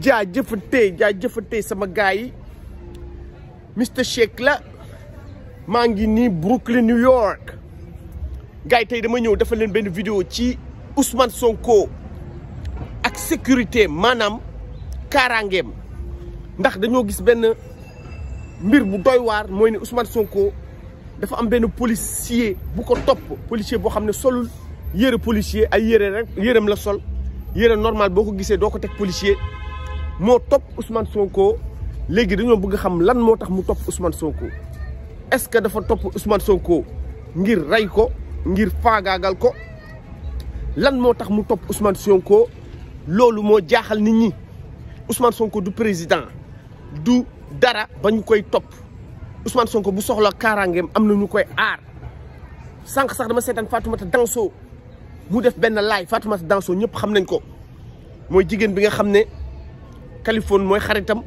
jaa jaajëfatee jaajëfatee sama gars yi Mister Shake la maa ngi nii Brooklyn New York gars yi tey dama ñëw dafa leen benn vidéo ci Ousmane Sonko ak sécurité maanaam kaaraangeem ndax dañoo gis benn mbir bu doy waar mooy ne Ousmane Sonko dafa am benn policier bu ko topp policier boo xam ne sol yére policier ay yére rek yérem la sol yére normal boo ko gisee doo ko teg policier mo top Ousmane Sonko légui dañu bëgg xam lan moo tax mu top Ousmane Sonko est-ce que dafa top Ousmane Sonko ngir ray ko ngir fagaagal ko lan moo tax mu top Ousmane Sonko loolu mo jaaxal nit ñi Ousmane Sonko du président du dara bañ koy top Ousmane Sonko bu soxla karangem amna ñu koy aar sank sax dama sétane Fatoumata Danso mu def ben laay Fatoumata Danso ñepp xam nañ ko moy jigen bi nga xamne Kaliphone mooy xaritam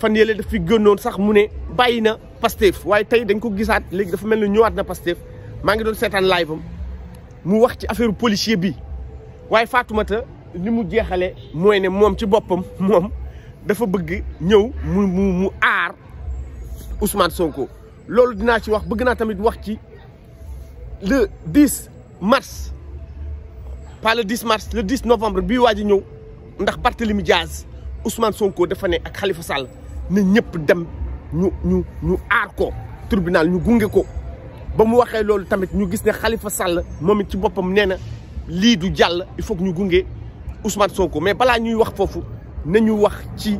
fan yële daf fi gënoon sax mu ne bàyyi na Pastef waaye tey dañ ko gisaat léegi dafa mel ni ñëwaat na Pastef maa ngi doon seetaan live mu wax ci affaire policier bi waaye Fatoumata ni mu jeexale mooy ne moom ci boppam moom dafa bëgg ñëw mu mu mu aar Ousmane Sonko loolu dinaa ci wax bëgg naa tamit wax ci le 10 mars pas le 10 mars le 10 novembre bi waa ji ñëw ndax Barthélemy Diaz Ousmane Sonko dafa ne ak Khalifa Sall ne ñëpp dem ñu ñu ñu aar ko tribunal ñu gunge ko ba mu waxee loolu tamit ñu gis ne xalifa sàll moom it ci boppam nee na lii du jàll il faut ñu gunge Ousmane Sonko mais balaa ñuy wax foofu nañu wax ci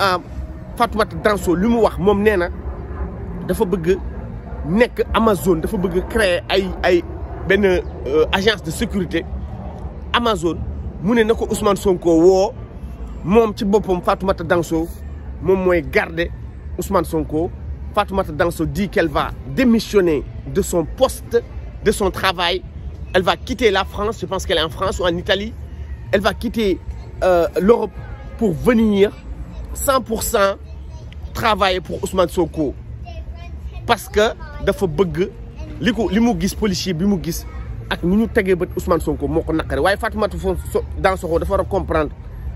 euh, Fatoumata Danso li mu wax moom nee na dafa bëgg nekk Amazon dafa bëgg créer ay ay benn euh, agence de sécurité Amazon mu ne na ko Ousmane Sonko woo. mom ci bopom Fatoumata Danso mom moy garder Ousmane Sonko Fatoumata Danso dit qu'elle va démissionner de son poste de son travail elle va quitter la France je pense qu'elle est en France ou en Italie elle va quitter euh, l'Europe pour venir 100% travailler pour Ousmane Sonko parce que dafa bëgg li ko li gis policier bi mu gis ak ni ñu ba Ousmane Sonko moko nakaré Fatoumata Danso dafa war comprendre.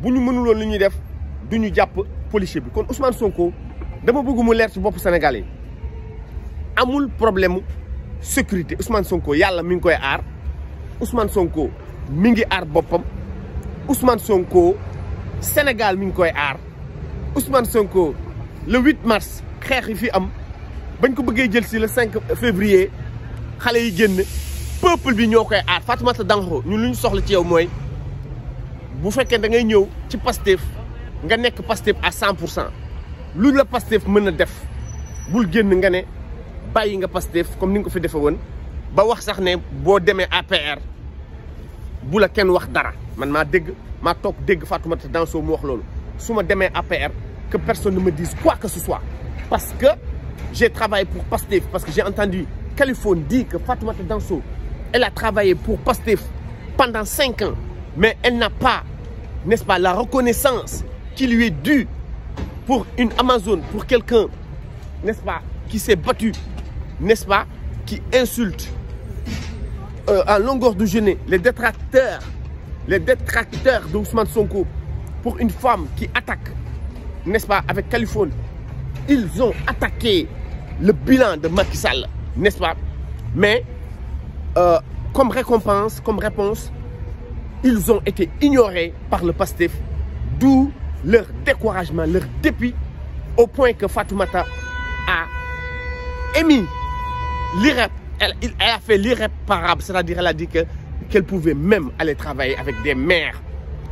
buñu mënuloon li ñuy def duñu ñu jàpp policier bi kon Ousmane Sonko dama bëgg mu leer ci bopp Sénégal amul problème sécurité Ousmane Sonko yàlla mi ngi koy aar Ousmane Sonko mi ngi aar boppam Ousmane Sonko Sénégal mi ngi koy aar Ousmane Sonko le 8 mars xeex yi fi am bañ ko bëggee jël si le 5 février xale yi génn peuple bi ñoo koy aar Fatoumata Danko ñun lu ci yow mooy vous faites da ngay ñëw ci Pastef nga nekk Pastef à 100% Ce que lu la Pastef mën a def bul génn nga ne bàyyi nga Pastef comme ni nga fait fi defee woon ba wax sax ne bo démé APR bu la kenn wax dara man ma dégg ma dégg Fatoumata Danso mu wax lolu suma ma APR que personne ne me dise quoi que ce soit parce que j'ai travaillé pour Pastef parce que j'ai entendu Califone dire que Fatoumata Danso elle a travaillé pour Pastef pendant 5 ans mais elle n'a pas n'est-ce pas, la reconnaissance qui lui est due pour une Amazon, pour quelqu'un, n'est-ce pas, qui s'est battu, n'est-ce pas, qui insulte euh, à longueur de jeûne les détracteurs, les détracteurs d'Ousmane Sonko, pour une femme qui attaque, n'est-ce pas, avec Caliphone. Ils ont attaqué le bilan de Macky Sall, n'est-ce pas Mais, euh, comme récompense, comme réponse, ils ont été ignorés par le pastif, d'où leur découragement, leur dépit, au point que Fatoumata a émis l'irréparable. E elle, a fait l'irréparable, e c'est-à-dire elle a dit qu'elle pouvait même aller travailler avec des mères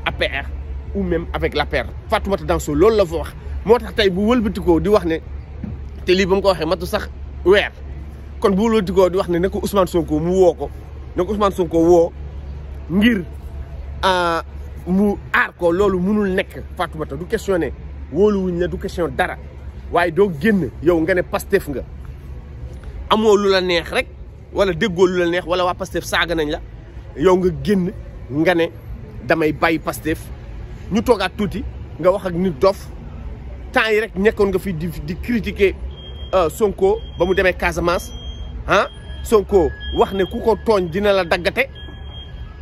à pair ou même avec la paire. Fatoumata dans ce lol la voir. Moi, je suis dit que je kon bu wóolu di ko di wax ne na ko Ousmane Sonko mu ko Ousmane Sonko ah, mu arko lolou loolu munul nekk Fatoumata du question wolou wóoluwuñ la du question dara waaye do génn yow nga ne Pastef nga amo lu la neex rek wala degol lu la neex wala wa Pastef saga nañ la yow nga génn nga ne damay bàyyi Pastef ñu toogaat touti nga wax ak nit dof temps yi rek nekkon nga fi di di critiquer euh, Sonko ba mu demee Casamance ah Sonko wax ne ku ko tooñ dina la daggate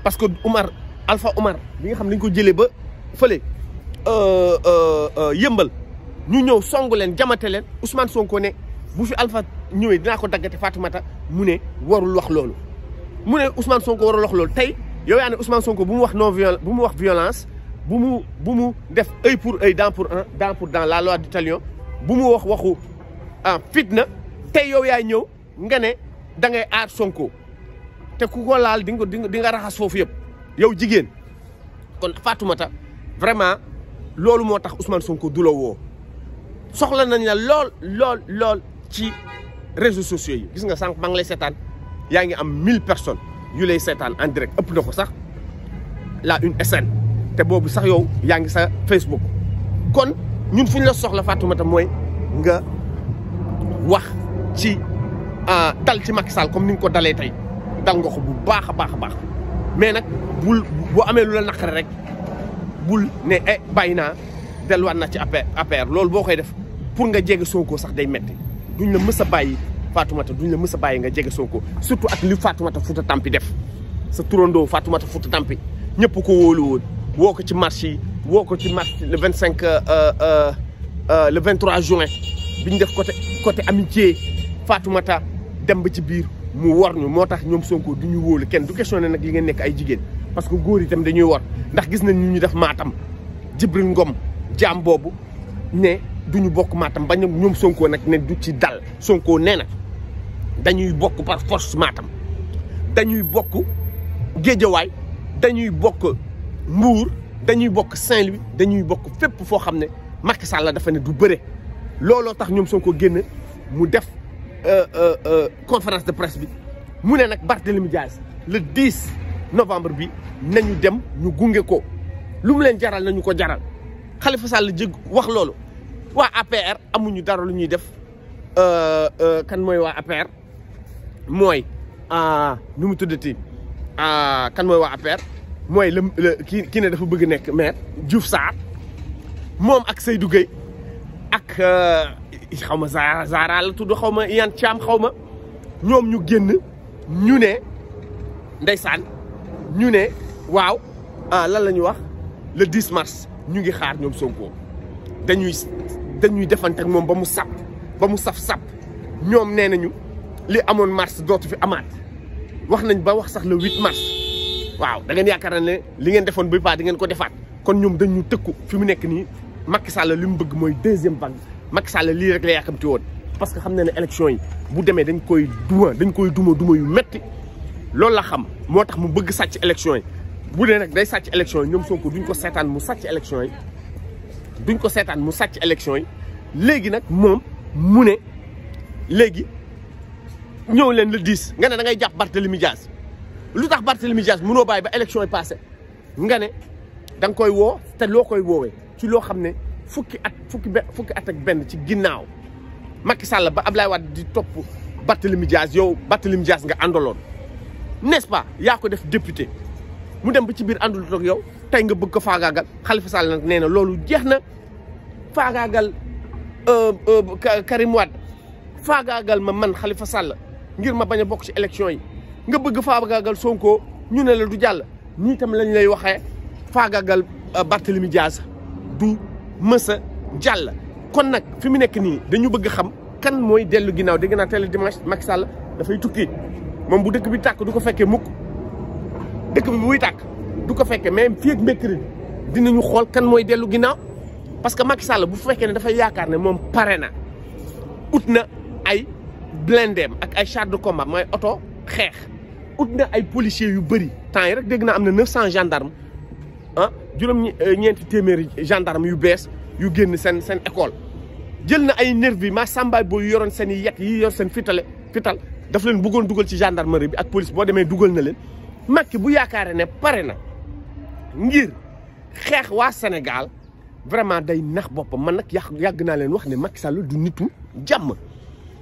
parce que Oumar Alpha Omar bi nga xam ne ko jëlee ba fële euh, euh, euh, yëmbal ñu ñëw songu leen jamate leen Ousmane Sonko ne bu fi Alpha ñëwee dina ko daggate Fatoumata mu ne warul wax loolu. mu ne Ousmane Sonko warul wax loolu tey yow yaa ne Ousmane Sonko bu mu wax non bu mu wax violence bu mu bu mu def ay pour ay dent pour un dent pour dent la loi du talion bu mu wax waxu ah fitna tey yow yaay ñëw nga ne da ngay aar Sonko te ku ko laal di nga di nga raxas foofu yëpp. yow jigen kon Fatoumata vraiment lolou qui Ousmane Sonko doulo wo soxla nañ la ci réseaux sociaux yi gis nga sank personnes ngi lay personnes en direct ëpp la une SN te Facebook kon ñun fuñ la Fatoumata nga wax ci tal euh, ci Macky comme ni ko dalé mais nag bul boo amee lu la naqare rek bul ne eh bàyyi naa delluwaat na ci APR loolu boo koy def pour nga jege Sonko sax day metti duñ la mës a bàyyi Fatoumata duñ la mës a bàyyi nga jege Sonko surtout ak li Fatoumata Fouta Tampi def sa turandoo Fatoumata Fouta Tampi ñëpp ko wóolu woon woo ko ci marché yi woo ko ci marché le vingt cinq euh, euh, euh, le vingt trois juin bi ñu def côté côté amitié Fatoumata dem ba ci biir mu war ñu moo tax ñoom Sonko du ñu wóolu kenn du questionné nag li ngeen nekk ay jigéen parce que góor itam dañuy war ndax gis nañ ñu ñu def maatam Jibril Ngom jaam boobu ne du ñu bokk maatam ba ñoom sonkoo nag ne du ci dal Sonko nee na dañuy bokk par force maatam dañuy bokk géejawaay dañuy bokk Mbour dañuy bokk Saint-Louis dañuy bokk fépp foo xam ne Macky Sall dafa ne du bëre looloo tax ñoom Sonko génn mu def. Euh, euh, euh, conférence de presse bi mu ne nag Barthélemy Dias le 10 novembre bi nañu dem ñu gunge ko lu mu leen jaral nañu ko jaral Khalifa Sall jég wax loolu waa APR amuñu dara lu ñuy def kan mooy waa APR mooy ah, nu mu tuddati ah, kan mooy waa APR mooy la kii ne dafa bëgg nekk maire Diouf Sarr moom ak Seydou Gueye ak. xaw ma Zara la tudd xaw ma Yan Thiam xaw ma ñoom ñu génn ñu ne ndeysaan ñu ne waaw ah lan la ñu wax le 10 mars ñu ngi xaar ñoom Sonko dañuy dañuy defante ak moom ba mu sap ba mu saf-sap ñoom nee nañu li amoon mars dootu fi amaat wax nañ ba wax sax le 8 mars waaw da ngeen yaakaar ne li ngeen defoon bi paa di ngeen ko defaat kon ñoom dañu tëkku fi mu nekk nii Macky Sall li mu bëgg mooy deuxième vague Macky Sall lii rek la yàkkamti woon parce que xam na ne élection yi bu demee dañ koy duma dañ koy duma duma yu metti loolu la xam moo tax mu bëgg sàcc élection yi bu dee nag day sàcc élection yi ñoom Sonko duñ ko seetaan mu sàcc duñ ko seetaan mu sàcc élection yi léegi nag moom mu ne léegi ñëw leen le 10 nga ne da ngay jàpp Barthélemy Diaz lu tax Barthélemy Diaz mënoo bàyyi ba élection yi passé nga ne da koy woo te loo koy woowee ci loo xam ne fukki at fukki fukki at ak benn ci ginnaaw Macky Sall ba Ablaye Wade di topp Barthélemy Dias yow Barthélemy Dias nga àndaloon n'est-ce yaa ko def député mu dem ba ci biir àndul toog yow tey nga bëgg ko faagaagal xalifa Sall nag nee na loolu jeex na faagaagal euh, euh, Karim faagaagal ma man Khalifa Sall ngir ma bañ a bokk ci élection yi nga bëgg faagaagal Sonko ñu ne la du jàll ñu tam lañ lay waxee faagaagal euh, Barthélemy Dias du mësa jàll kon nag fi mu nekk nii dañu bëgg xam kan mooy dellu ginnaaw dégg naa télé dimanche Macky Sall dafay tukki moom bu dëkk bi tàkk du ko fekkee mukk dëkk bi buy tàkk du ko fekkee mais fii ak mercredi dinañu xool kan mooy dellu ginnaaw parce que Macky Sall bu fekkee ne dafay yaakaar ne moom pare na ut na ay blendeem ak ay char de combat mooy oto xeex ut na ay policiers yu bëri temps yi rek dégg naa am na 900 gendarmes ah juróom euh, ñeenti téeméeri gendarme yu bees yu génn seen seen école jël na ay nervi maa sàmbaay boo yoroon seen i yet yi yor seen fitale fital daf leen buggoon dugal ci gendarmerie bi ak police boo demee dugal na leen Macky bu yaakaare ne pare na ngir xeex waa senegal vraiment day nax boppam man nag yàq yàgg naa leen wax ne Macky Sall du nitu jàmm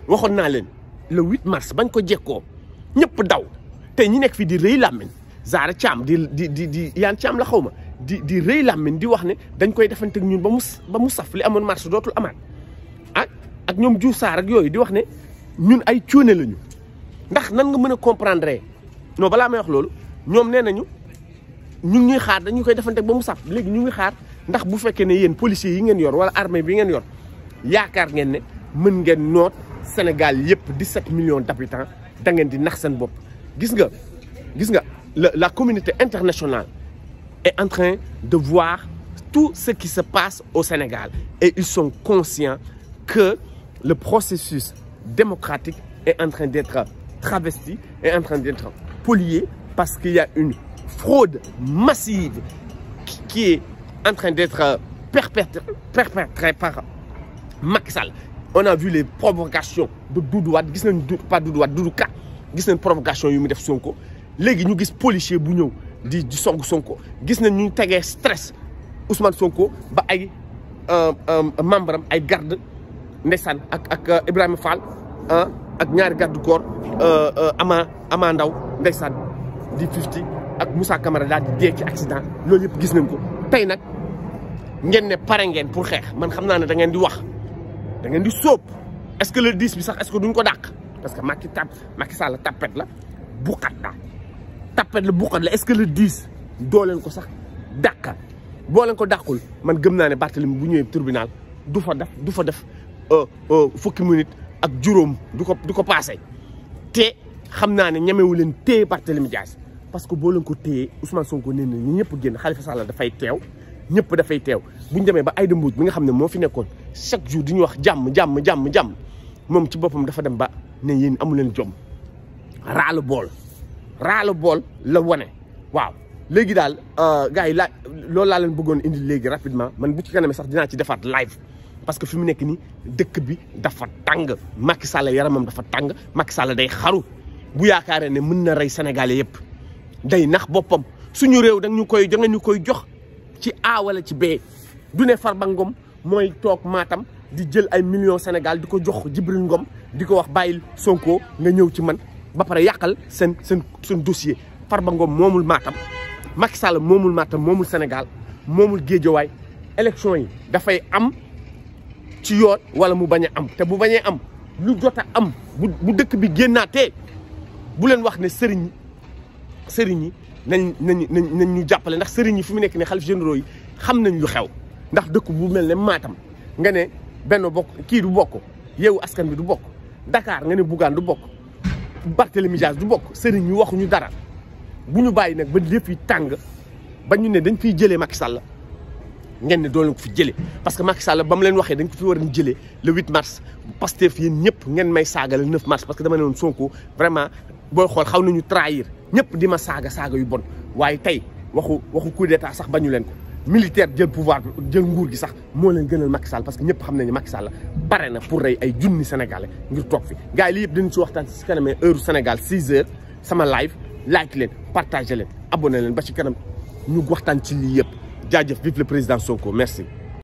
waxoon naa leen le 8 mars bañ ko jekkoo ñëpp daw te ñu nekk fi di rëy làmmiñ Zahra Thiam di di di di Yane Thiam la xaw ma di di rëy làmmiñ di wax ne dañ koy defanteeg ñun ba mu ba mu saf li amoon marché dootul amaat ak ah, ak ñoom Diouf Sarr ak yooyu di wax ne ñun ay cóone lañu ndax nan nga mën a comprendre noo balaa may wax loolu ñoom nee nañu ñu ngi ñuy xaar dañu koy defanteeg ba mu saf léegi ñu ngi xaar ndax bu fekkee ne yéen policiers yi ngeen yor wala armée bi ngeen yor yaakaar ngeen ne mën ngeen noot Sénégal yëpp 17 millions d' habitants da di nax seen bopp gis nga gis nga. la, communauté internationale est en train de voir tout ce qui se passe au Sénégal. Et ils sont conscients que le processus démocratique est en train d'être travesti, est en train d'être polié parce qu'il y a une fraude massive qui, est en train d'être perpétrée par Maxal. On a vu les provocations de Doudouad, pas Doudouad, Doudouka, les provocations de léegi ñu gis policier bu ñew di di song Sonko gis na ñu tégué stress Ousmane Sonko ba ay euh euh membre am ay garde Nessane ak ak euh, Ibrahima Fall hein ak ñaari garde corps euh, euh, ama ama ndaw Nessane di 50 ak Moussa Camara da di dee ci accident loolu yépp gis nañ ko tay nak ngeen ne pare ngeen pour xeex man xam na ne da ngeen di wax da ngeen di sóob est-ce que le 10 bi sax est-ce que duñ ko dakk parce que Macky tap Macky Sall tapet la bu xat tappet la buqat la est-ce que le 10 doo ko sax dàqa boo ko dàqul man gëm naa ne Barthélemy bu ñëwee tribunal du fa def du fa def euh, euh, fukki minute ak juróom du ko du ko passé te xam naa ne ñemewu tee téye Barthélemy parce que boo leen ko téyee Ousmane Sonko nee na ñi ñëpp génn Khalifa Sall dafay teew ñëpp dafay teew bu ñu demee ba Aïda Mbodj mi nga xam ne moo fi nekkoon chaque jour di ñu wax jàmm jàmm jàmm jàmm moom ci boppam dafa dem ba ne yéen amu leen jom raal bool. raalo bool la wane waaw léegi daal euh, gars yi laa loolu laa leen bëggoon indi léegi rapidement man bu ci kanamee sax dinaa ci defaat live parce que fi mu nekk nii dëkk bi dafa tàng Macky Sall yaramam dafa tàng Macky Sall day xaru bu yaakaaree ne mën na rey Sénégalais yëpp day nax boppam suñu réew da ñu koy da ñu koy jox ci A wala ci B du ne far ba Ngom mooy toog maatam di jël ay millions Sénégal di ko jox Jibril Ngom di ko wax bàyyil Sonko nga ñëw ci man ba pare yakal sen sen sen dossier Farba Ngom moomul Matam Macky Sall moomul Matam moomul momul moomul way election yi fay am ci yoon wala mu baña am te bu bañe am lu jot am bu dekk bi génnaatee bu len wax ne serign serign sëriñ yi nañ nañ ñu jàppale ndax serign fi mu nekk ne xalif généraux yi xam nañ lu xew ndax dekk bu melne Matam nga ne benn bokk ki du bokk yeewu askan bi du bokk Dakar nga ne Bougane du bokk Barthélemy Dias du bokk sëriñ ñu waxuñu dara bu ñu bàyyi nag ba lépp tàng ba ñu ne dañ fiy jëlee Macky Sall ngeen ne doo leen ko fi jëlee parce que Macky Sall ba leen waxee dañ ko fi war a jëlee le 8 mars Pastef yéen ñëpp ngeen may saaga le 9 mars parce que dama ne woon Sonko vraiment booy xool xaw nañu trahir ñëpp di ma saaga saaga yu bon waaye tey waxu waxu coup d'état sax bañu leen ko. militaire jël pouvoir jël nguur gi sax mo len gënal Macky Sall parce que ñëpp xam nañu Macky Sall pare na pour rey ay junni sénégalais ngir tok fi gars yi yépp yëpp ci si waxtaan si kanamee heure Sénégal 6 h sama live like leen partagé leen abonné leen ba ci kanam ñu waxtaan ci li yépp jaajëf vive le président Sonko merci.